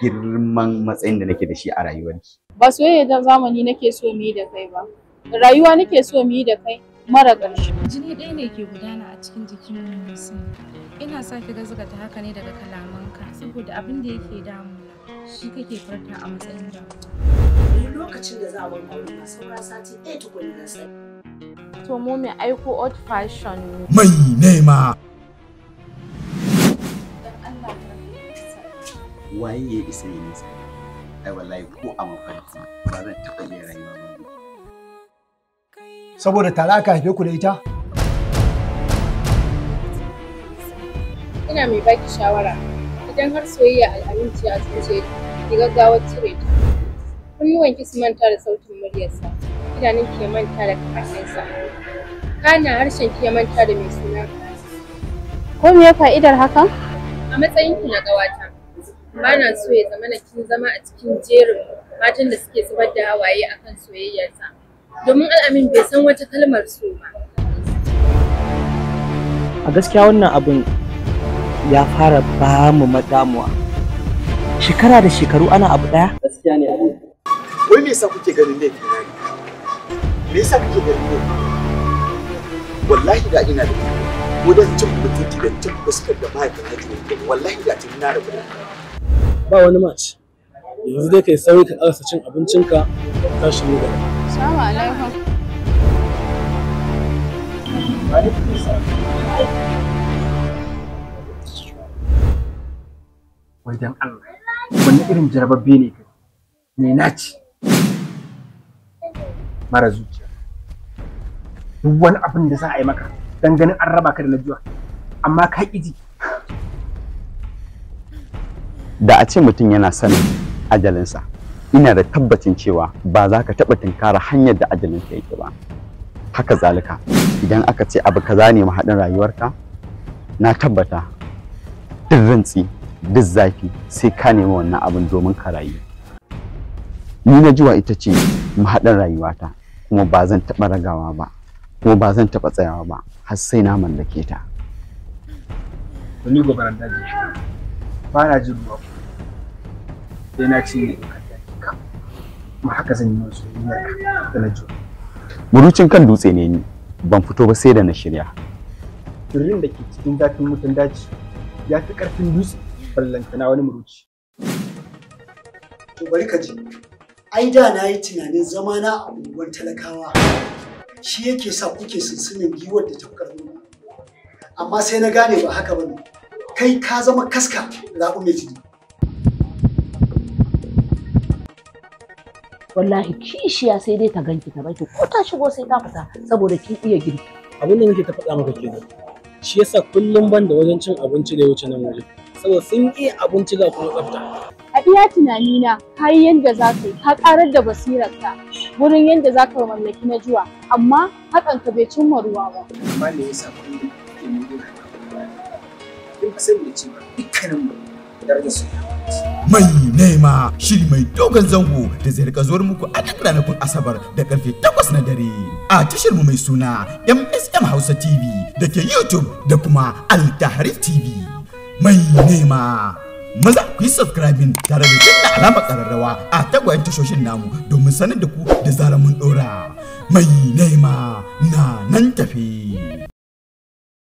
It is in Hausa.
girman matsayin da nake da shi a rayuwarki? Ba soyayya da zamani nake so mu yi da kai ba. Rayuwa nake so mu yi da kai mara ƙarshe. Jini ɗaya ne ke gudana a cikin jikin Musin. Ina sa ki ta haka ne daga ka. saboda abin da yake damuna shi kake farka a matsayin da. Lokacin da za a wani aure saura sati ɗaya tukunna sai. To mu mai aiko old fashion. Mai nema. waye ya isa ya nisa ai wallahi ko a mafarki ba zan taɓa yin rayuwa ba saboda tare aka haife ku da ita ina mai baki shawara idan har soyayya al'aminci a tsince ki gaggawar cire ta kunnuwan ki su manta da sautin muryarsa idanun ki manta da kakanninsa kana harshen ki manta da mai suna ko me fa'idar hakan a matsayin ki na gawata ba na so ya zama na kin zama a cikin jerin matan da suke zubar da hawaye akan soyayyarsa domin al'amin bai san wata kalmar so ba a gaskiya wannan abin ya fara ba mu madamuwa shekara da shekaru ana abu daya gaskiya ne abu wai me yasa kuke ganin laifi na me yasa kuke ganin laifi wallahi da ina da ko wajen cin mutunci da cin fuskar da ta hajji wallahi da tun na rabu da ba wani match yanzu dai kai sauri ka karasa cin abincinka ka tashi ne da Assalamu alaikum Wai dan Allah wani irin jarababbe ne kai me naci mara zuciya duk wani abin da za a yi maka dan ganin an raba ka da najuwa amma ka ƙi jiki da a ce mutum yana sanin ajalinsa ina da tabbacin cewa ba za ka taɓa tunkara hanyar da ka yake ba haka zalika idan aka ce abu kaza ne mahaɗin rayuwarka na tabbata duk rantsi duk zafi sai ka nemi wannan abin domin ka rayu ni na jiwa ita ce mahaɗin rayuwata kuma ba zan taɓa ragawa ba kuma ba zan taɓa tsayawa ba har sai na mallake ta. Ni daji. ba na jin ruwa sai na ci kuma haka zan yi masu da na jiwa burucin kan dutse ne ni ban fito ba sai da na shirya turin da ke cikin zafin mutan daji ya fi karfin dutse ballantana wani muruci to bari ka ji ai da na yi tunanin zama na a talakawa shi yake sa kuke sunsunan giwar da ta karnu amma sai na gane ba haka ba ne kai ka zama kaska zaɓi mai jini. Wallahi kishiya sai dai ta ganki ta baki ko ta shigo sai ta fita saboda kin iya girki. Abin da nake ta faɗa maka kenan. Shi yasa kullum ban da wajen cin abinci da ya wuce nan waje. Saboda sun yi abinci ga kuma tsafta. A iya tunanina har yadda za ka yi ka ƙarar da basirarka wurin yadda za ka mallaki na juwa amma hakan ka bai cimma ruwa ba. Amma me yasa kullum da dukkanin mu darajar su mai nema shiri mai dogon zango da zai rika zuwar muku a duk ranakun asabar da karfe 8 na dare a tashar mu mai suna MSM Hausa TV da ke YouTube da kuma Al TV mai nema maza ku yi subscribing tare da danna alamar kararrawa a tagwayen tashoshin namu domin sanar da ku da zarar mun dora mai nema na nan tafi